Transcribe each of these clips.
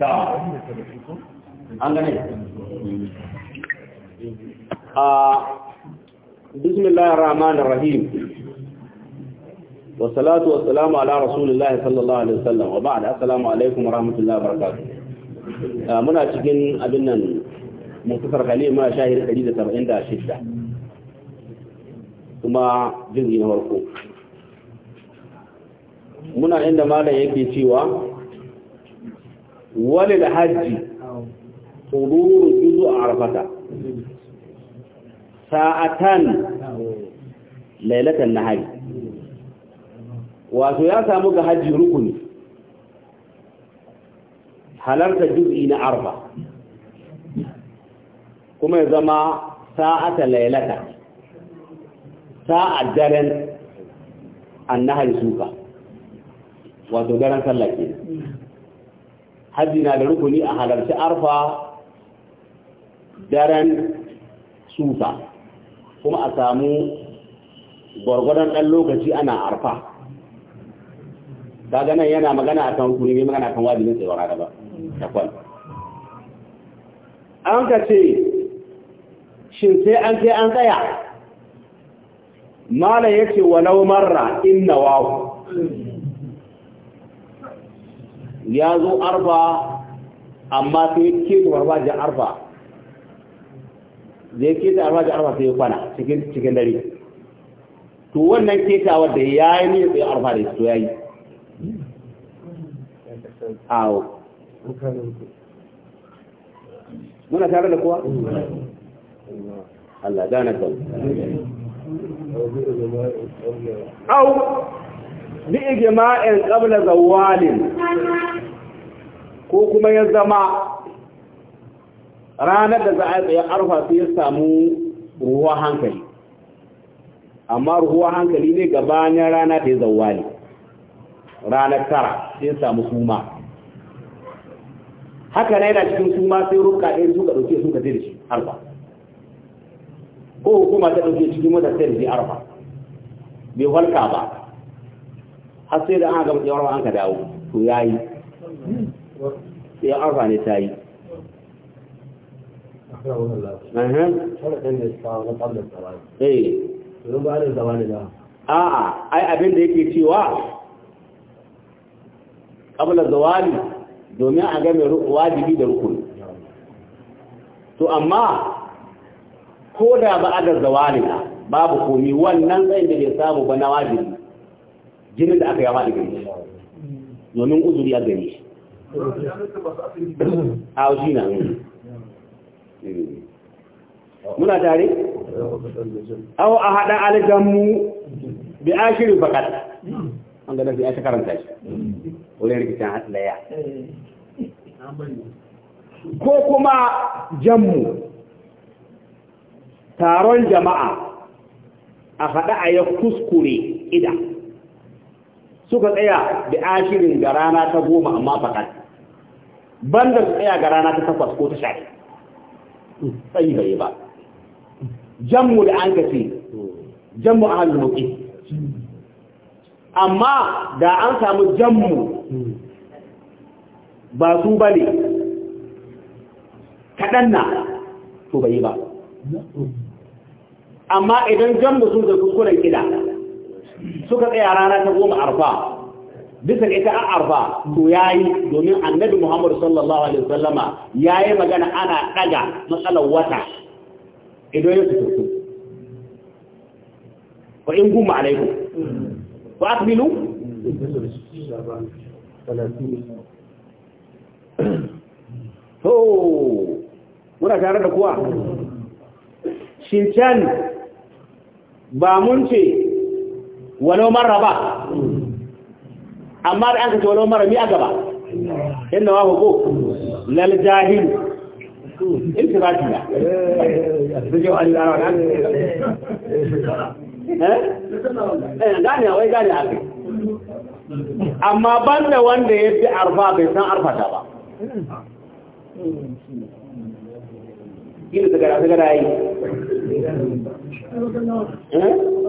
an gane rahim wasalatu wasalamu ala rasulillahi sallallahu alaihi wasallam wa ba'd assalamu alaikum warahmatullahi wabarakatuh muna cikin abin nan mutasar kalima shahir kuma jin na farko muna inda malam yake cewa wani da hajji tsoruru juzu a arfata sa'atan lailatan nahari wato ya samu ga hajji rukuni halarta juz'i na arfa kuma ya zama sa'ata lailata sa'a daren annahari suka wato daren sallake. hajji na da rukuni a halarci arfa daren susa kuma a samu gwargwadon ɗan lokaci ana arfa kaga nan yana magana kan rukuni ne magana akan wajibin tsayuwar da ba takwal an ka ce shin sai an sai an tsaya mala ya ce walau marra inna wahu ya zo arfa amma sai ke da arba arfa zai ke da arfajin arfa sai ya kwana cikin dare to wannan ketawar wadda ya yi ne sai arfa da su ya yi awo muna tare da kuwa? Allah gane kawai. Au! bi ijma'in qabla zawalin ko kuma ya zama ranar da za a tsaye arfa sai ya samu ruwa hankali amma ruwa hankali ne gabanin rana ta yi zawali ranar tara sai ya samu suma haka na yana cikin suma sai ruka ɗaya suka ɗauke suka zai da shi arfa ko hukuma ta ɗauke cikin wata sai da shi arfa bai walka ba har sai da an gama tsawarwa an ka dawo to ya yi ya arfa ne ta yi eh. a'a ai abin da yake cewa ƙabla zawali domin a game wajibi da rukuni to amma ko da ba a da zawali babu komi wannan zai da ke samu ba na wajibi jinin da aka yawa da gari domin uzuri a gari a wajen na mm. muna tare aw a hada aljamu bi ashirin fakat an ga nafi aka karanta shi wurin rikicin hatlaya ko kuma jammu taron jama'a a haɗa a ya kuskure ida suka tsaya da ashirin ga rana ta goma amma fakat banda su tsaya ga rana ta takwas ko ta sha tsayi yi ba jammu da an kace jammu a hannun muƙi amma da an samu jammu ba su ba ne kaɗan na to bai ba amma idan jammu sun zai kuskuren kida suka tsaya rana ta goma arfa bisa ita an arfa to ya yi domin annabi Muhammadu sallallahu alaihi wasallama yi magana ana daga matsalar wata idan ya fito Ko in gumma alaikum wa aqbilu ho muna tare da kuwa shin can ba mun ce walau marra ba amma da an kace walau marra mi a gaba inna wa ko lal jahil iltibati ya sujo an arawa kan eh gani wai gani akai amma banda wanda ya fi arfa bai san arfata ba Gini daga rafi gada yi.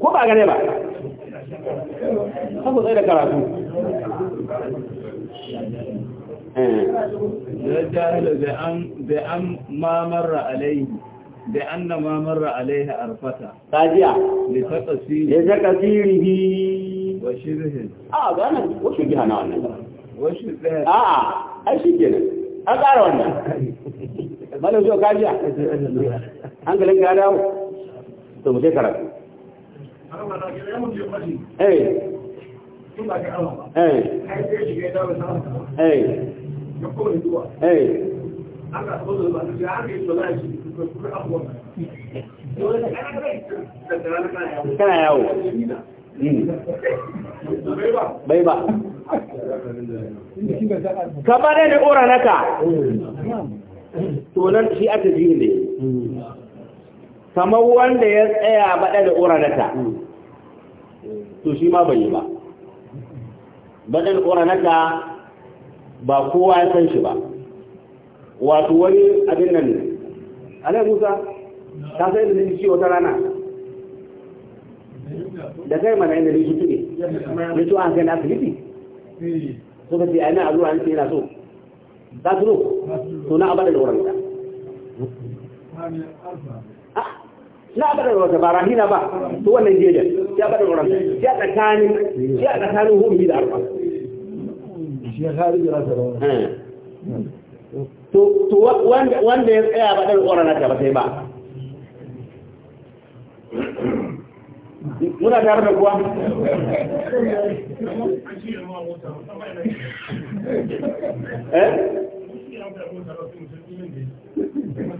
ko ba gane ba sabu tsaye da karatu da jahila da an mamarra alaihi da an na mamarra alaihi arfata tajiya da ta kasiri da ta kasiri wa shirhin a ga nan wasu jiha na wannan wasu tsaye a a ai shi kenan an tsara wannan malam zo kajiya hankalin ka dawo to mu sai karatu kana yawo bai ba ka ne da ƙora naka tonan shi aka ji ne kamar wanda ya tsaya baɗa da ƙora naka to shi ma bai yi ba baɗin ƙoranaka ba kowa ya san shi ba wato wani abin nan ne musa ta sai da nishi wata rana da kai mana inda nishi tuɗe ya to an kai na asibiti eh. ka ce a ina allura an ce yana so ta turo so na abada da wurin na bada wata ba rahina ba to wannan jejen ya bada wurin ya tsakanin a tsakanin hurmi da ta arfa eh. to wanda ya tsaya ba ɗan ƙorana ta ba sai ba muna tare da kuwa eh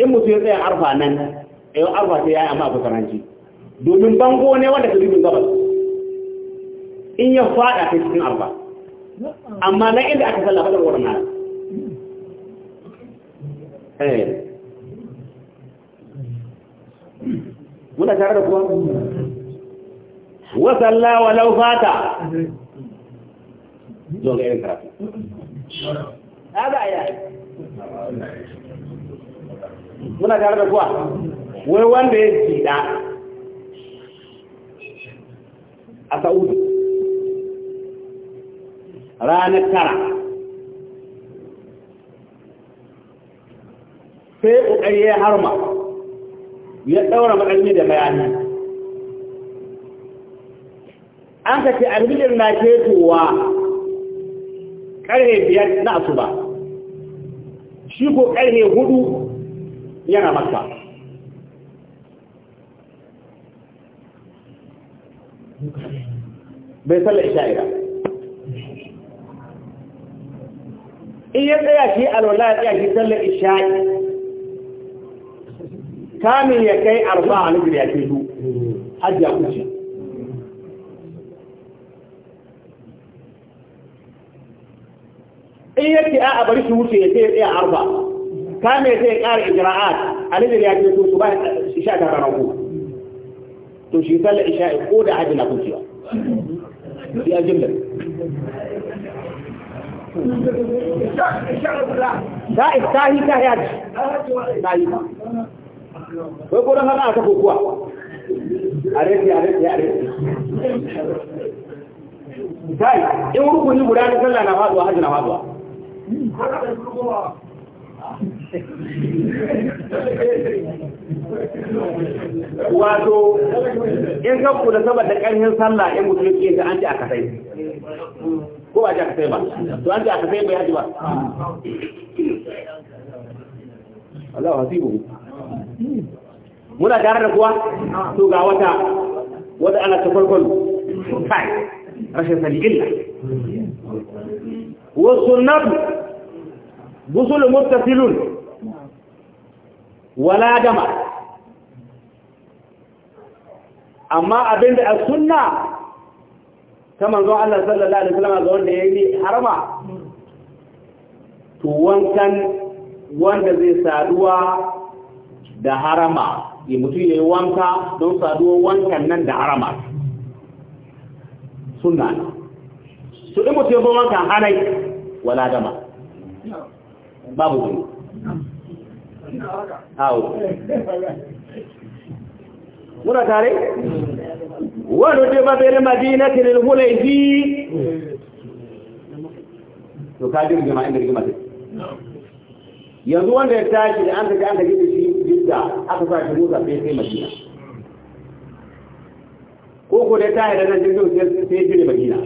in mutum ya tsaye arfa nan yau eh, arfa sai ya yi amma a fasaranci domin bango ne wanda ka zubin gabas in ya fada ta cikin arfa amma na inda aka sallafa fadar wurin nan eh. muna tare da kuwa wasalla walau fata zo ga irin karatu muna tare da kuwa wai wanda ya jida a sa'udu ranar tara sai ƙoƙari ya harma ya ɗaura maƙalmi da bayani an ka ce alhijir na ketowa ƙarfe biyar na asuba shi ko ƙarfe hudu ينا مكة بيصل إشائرة إيه شيء الولاد يا إياكي تل إشائي كامل يكي أربعة نجري يا أكيدو حد يأكوش إياكي أبريش موشي يكي إياه أربعة kame zai ƙara ijra'at alibir ya ce to su ba isha ta ranaku to shi sallar isha ko da hajji na kuciya sai a jimlar ta istahi ta yaji ta yi wai ko don hana aka kokuwa a resi a resi a resi ta in rukuni guda na sallah na faduwa hajji na faduwa wato in ka da saboda ƙarfin sallah in mutum yake da an ji aka sai ko ba ji aka sai ba to an ji aka sai bai haji ba Allah hasibu muna tare da kuwa to ga wata wata ana ta farkon kai rashin sani illa wasu nabu busul muttasilun wala dama amma abinda a sunna ta manzon Allah sallallahu alaihi wasallam ga wanda yayi harama to wankan wanda zai saduwa da harama ya mutu yayi wanka don saduwa wankan nan da harama sunna ne su ɗin mutu ya zo wankan hanai wala dama babu zuwa muna tare wani duba bil madinati lil hulayfi to ka ji rigima inda rigima take yanzu wanda ya tashi da an tafi an tafi da shi jidda aka sa shi musa sai sai madina ko ko da ya tashi da nan jirgin sai jiri madina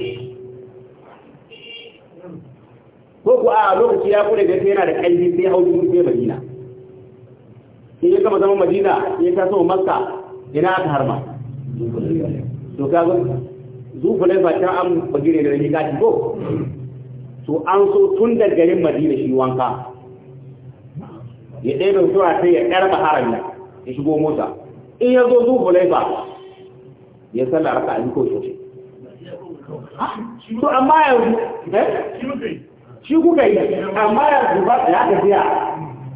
ko ko a lokaci ya kure da yana da ƙanji sai hau jirgin sai madina in ya kama zama madina ya taso makka ina aka harma to ka gudu zufu ne ba ta an bagire da ni kaci ko to an so tun da garin madina shi wanka ya ɗaya zuwa sai ya ɗarba harami ya shigo mota in ya zo zufu ne ba ya sallar raka a yi ko sosai to amma yanzu eh? shi kuka yi amma yanzu ba ya tafiya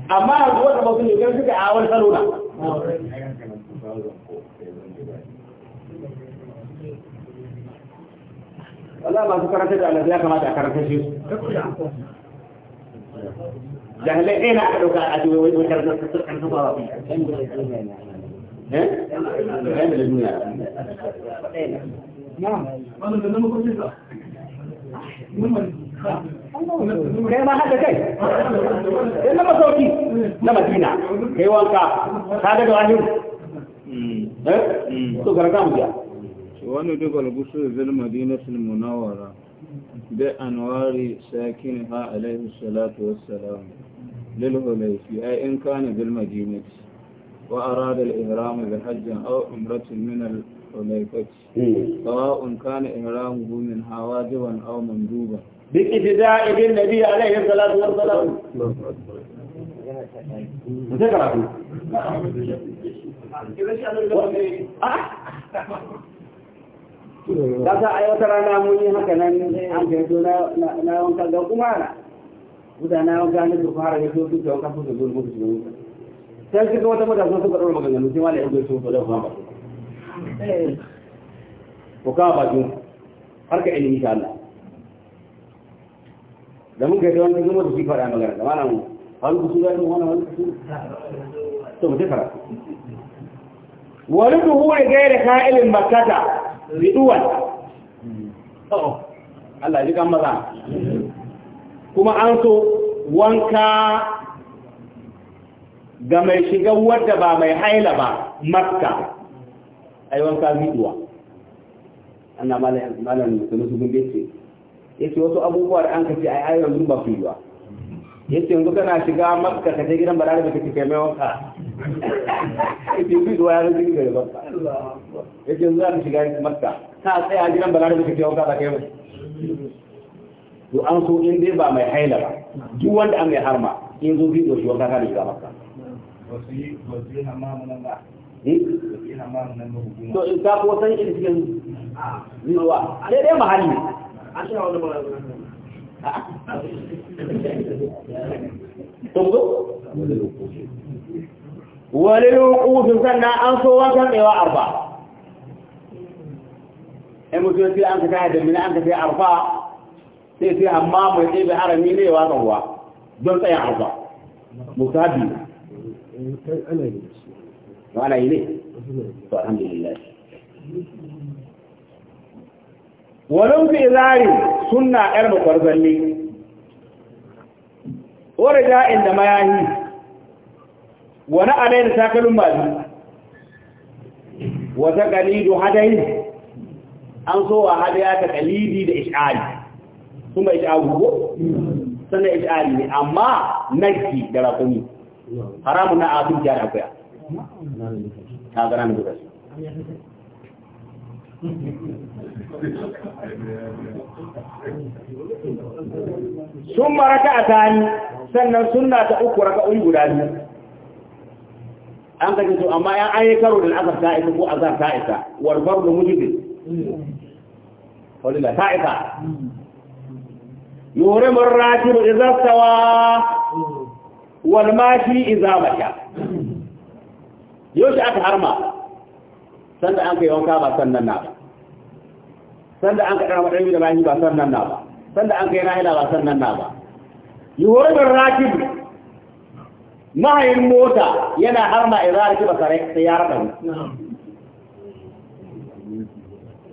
amma y'a zuwa da masu ne suka a salo na Allah masu karanta da ya kamata a karanta shi ɗaya na aka ɗauka a jiwo wani wajen su karanta ba eh? ɗaya da duniya na da kai na madina ka yi wanka ka daga wani to karanta mu biya wani duk algusu zil madinatul munawwara bi anwari sakinha alaihi salatu wassalam lil hulayfi ay in kana bil madinati wa arada al ihram bi hajj aw umratin min al hulayfati sawa kana ihramuhu min hawajiban aw manduban bi ibda'i bin nabi alaihi salatu wassalam sai karatu kasa a wata rana mun yi haka nan an gaito na wanka ga kuma na mutane wanka ne su fara gaito su ta wanka su ta zuwa muku sai su ga wata mata sun suka ɗora maganganu sai wani yanzu su da kuma ba ku kawo har ka ilimi ta Allah da mun wani shi da هل قصوا ذلك وانا هل قصوا ثم تفرق ولده غير خائل مكة بدول أوه Allah ji kan maza kuma an so wanka ga mai shiga wadda ba mai haila ba makka yi wanka miduwa ana malam malam sun su ya ce wasu abubuwa da an kace ai ai yanzu ba su yiwa yace yanzu kana shiga makka ka je gidan barare da kake kai mai wanka yace yanzu zuwa yaro jini da bakka yace yanzu zaka shiga makka ka tsaya gidan barare da kake wanka ka kai mai to an so in dai ba mai haila ba duk wanda an mai harma in zo bido shi wanka ka da shiga makka wasu yi wasu yi hamamu nan ba to in ka ko san in cikin zuwa daidai mahalli a cikin وللوقوف سنة أنف وكم إلى أربعة المسلمين في أنك تهد من أنك في أربعة في فيها مام ويتي بحرمين إلى أربعة دون أي أربعة مكتبين أنا إليه وأنا إليه فالحمد لله walin fi suna ‘yar bakwar zalle, wani ja'in da mayahi, wani alai da takalin mazi, wata kalidu hadayi, an so wa hadaya ta kalidi da ish'ali, kuma ish'ali ko? Sannan ish'ali ne, amma nagki da rakumi, haramun na abin jari akwai. Ta gara sun maraka a tani sannan suna ta uku raka uri guda biyu an kashe su amma an yi karo da azar ta isa ko azar ta isa warfar da mujibi wadda ta isa yore mun raji da izastawa walmashi izabata yau shi aka harma sanda an kai wanka ba sannan na ba sanda an kaɗa wa ɗari da bayan ba sannan na ba sanda an kai na'ila ba sannan na ba yi horbar rakib mahayin mota yana harma idan rake ba sarai sai ya raɗa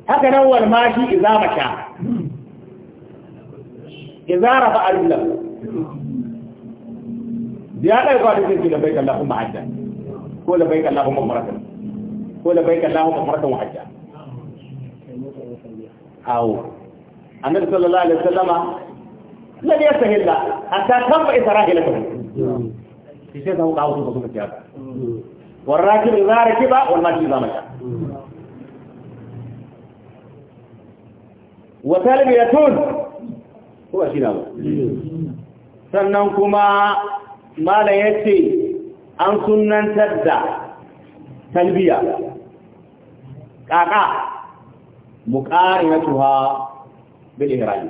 haka nan wal mashi iza masha iza rafa arjulan ya ɗaya kwa dukkan ki labai kallahu ma'adda ko labai kallahu ma'amuratan ko labai kallahu ma'amuratan wa'adda kawo annabi sallallahu alaihi wasallama lam sahilla hatta israhila israhilatahu shi sai zan kawo su suka tiya والراكب إذا ركب والماشي إذا مشى وسالم يتون ko شيء نعم sannan kuma mala yace an sunantar da talbiya kaka muqarinatuha bil ihram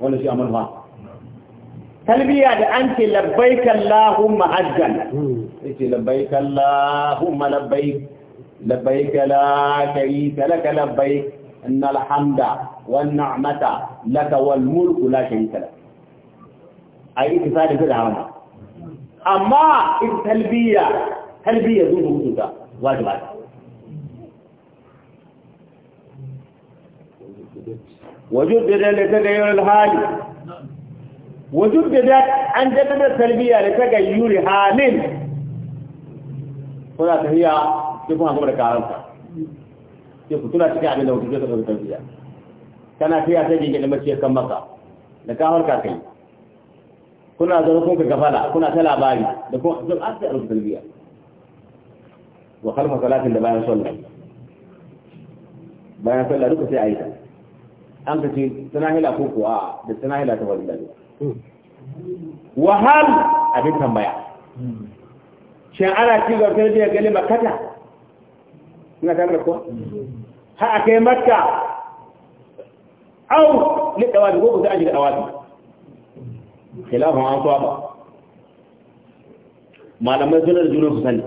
wannan shi amal fa talbiya da an ce labbaik allahumma hajjan yace labbaik allahumma labbaik labbaik la sharika laka labbaik innal alhamda wan ni'mata laka wal mulku la sharika lak ai ittifaqi da haram amma in talbiya talbiya zuwa mutunta wajibi وجدد لتغير الحال وجدد أن جدد التربية لتغير حال هنا تهيا تكون هنقوم بكارنسا يكون تنا تكي عمل لو تجد التربية كان فيها تجي لما تشير كم مكة لكاهر كاكي كنا zaune في ka كنا kuna ta labari da kuma zan asa a rubuta biya wa kalma salatin da bayan sallah an ka ce sanahila ko kuwa da sanahila ta wani lalu hmm. wahal abin tambaya shin ana ci ga kai da gali makata ina ta ga ko ha kai makka au lidawa da gogo da ajira awadi an so ba malamai suna da junan su sani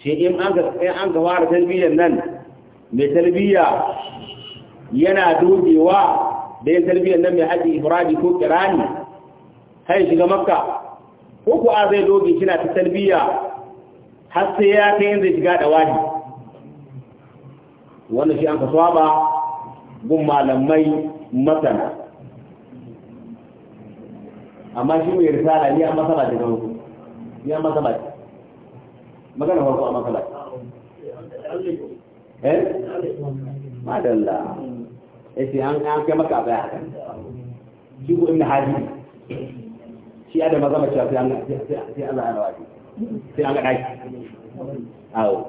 shi in an ga fara tarbiyyar nan mai tarbiyya yana dubewa da ya tarbiyyar nan mai haji ifradi ko kirani har shiga makka ko kuwa zai doge shi na ta tarbiyya har sai ya kai zai shiga da wani wannan shi an ka saba gun malamai masana amma shi mai risala ni an matsala daga wasu ni an masala ce magana farko a masala ce eh madalla yace an an kai maka abaya haka shi ko inda hali shi ada zama mace sai an sai Allah ya rawaji sai an ga dai awo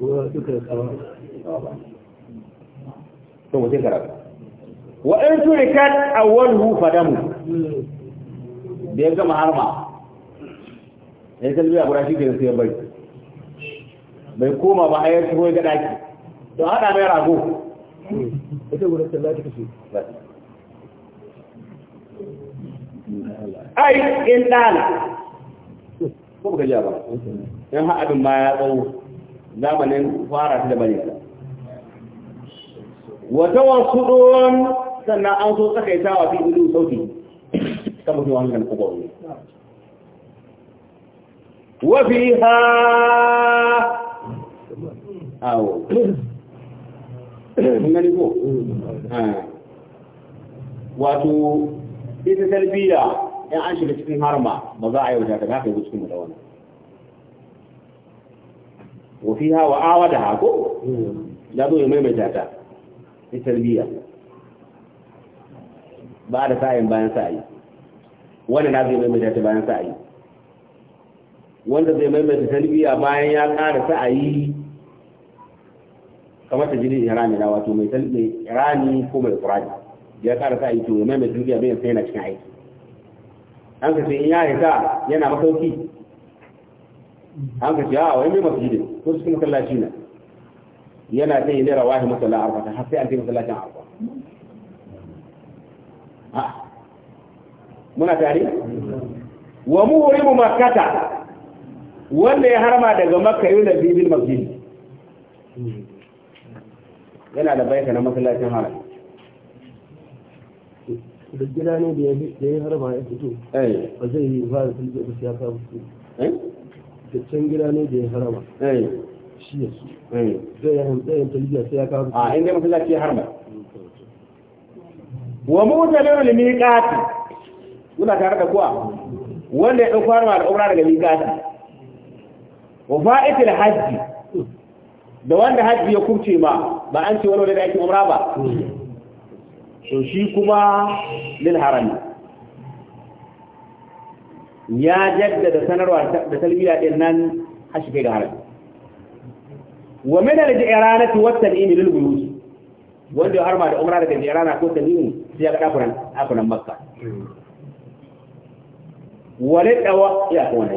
ko duka to mu sai karatu wa in turikat awwaluhu fadamu da ya gama harma ya kalbi a guda ke sai bai bai koma ba a yi tuho ga daki don haɗa mai rago ita gurin sallah ta kashe ai in dana ko baka ja ba ma ya tsawo zamanin fara ta da bane wa tawassudun sannan an so tsakaitawa fi ilu sauti kama fi wannan kubaru Wafi ha awo kun gani ko mm. eh. wato ita talbiya in an shiga cikin harma ba za a yi wata ta haka yi cikin da wani, wafi hawa wa awada hako mm. ya zo ya maimaita ta ita talbiya ba da sa'in bayan sa'ayi wanda na zai maimaita ta bayan sa'ayi wanda zai maimaita talbiya bayan ya ƙara sa'ayi kamar ta jini irani na wato mai irani ko mai kurani ya kara sa aiki mai mai duniya mai sai na cikin aiki an ka sai in ya rika yana masauki an ka ce a ah, wai mai jini ko kuma masallaci na yana ta yi naira wahi masallacin arfa har sai an sai masallacin arfa muna tare wa muhrimu makkata wanda ya harma daga makka yau da bibil masjid yana da baita na masallacin haram duk gida ne da ya harba ya fito eh. ba zai yi ba da tulbe ba siyasa ba su eh? da can gida ne da ya harba eh. shi ya su zai yi hamsayin tulbe sai ya kawo a ah, inda masallaci ya harba wa mutane da miƙati muna tare da kuwa wanda ya ɗauko harba da umra daga miƙati wa fa'itul hajji da wanda hajji ya kurce ma ba an ce wani da aikin umra ba to shi kuma lil harami ya jaddada sanarwa da talbiya din nan har shi kai ga harami wa min al jiranati wa tan'imi lil buyut wanda har ma da umra da jirana ko tan'imi sai ya ga dakunan dakunan makka wale ya kuma ne